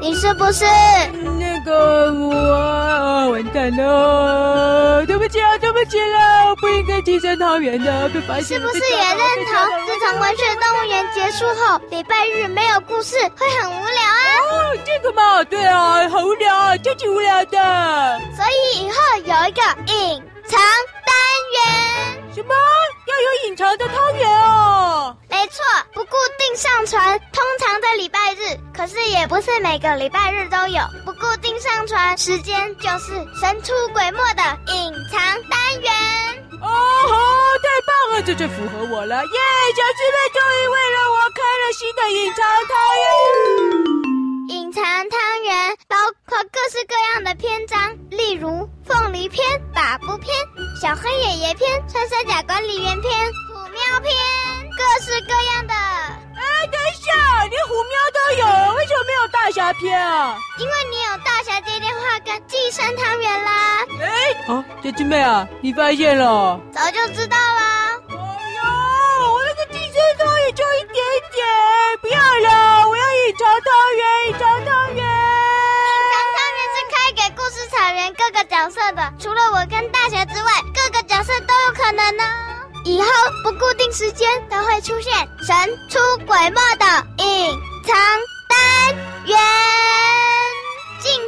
你是不是、嗯、那個我？完蛋了，對不起啊，對不起啊，不應該寄生湯圓的，被發現了。是不是也認同？我自從文學動物園結束後，禮拜日沒有故事，會很無聊啊。哦，這個嘛，對啊，好無聊啊，超級無聊的。所以以後有一個隱藏單元。什麼？要有隱藏的湯圓哦？沒錯，不固定上傳，通常在禮拜。可是也不是每個禮拜日都有，不固定上傳時間，就是神出鬼沒的隱藏單元。哦吼，太棒了，這就符合我了，耶！小獅妹終於為了我開了新的隱藏湯圓。隱藏湯圓包括各式各樣的篇章，例如鳳梨篇、叭噗篇、小黑爺爺篇、穿山甲管理員篇、虎喵篇。片啊！因為你有大俠接電話跟寄生湯圓啦。哎，啊，小獅妹啊，你發現了？早就知道了。我要我那個寄生湯圓就一點點，不要了，我要隱藏湯圓，隱藏湯圓。隱藏湯圓是開給故事草原各個角色的，除了我跟大俠之外，各個角色都有可能呢。以後不固定時間都會出現，神出鬼沒的隱藏。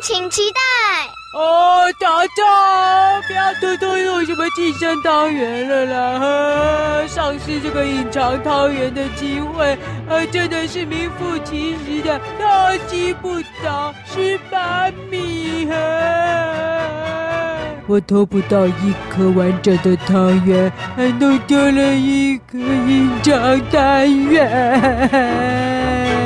請期待哦！找找，不要偷偷用什麼寄生湯圓了啦！哈、喪失這個隱藏湯圓的機會，呃、啊，真的是名副其實的偷雞不着蝕把米啊！我偷不到一顆完整的湯圓，還弄丟了一顆隱藏湯圓。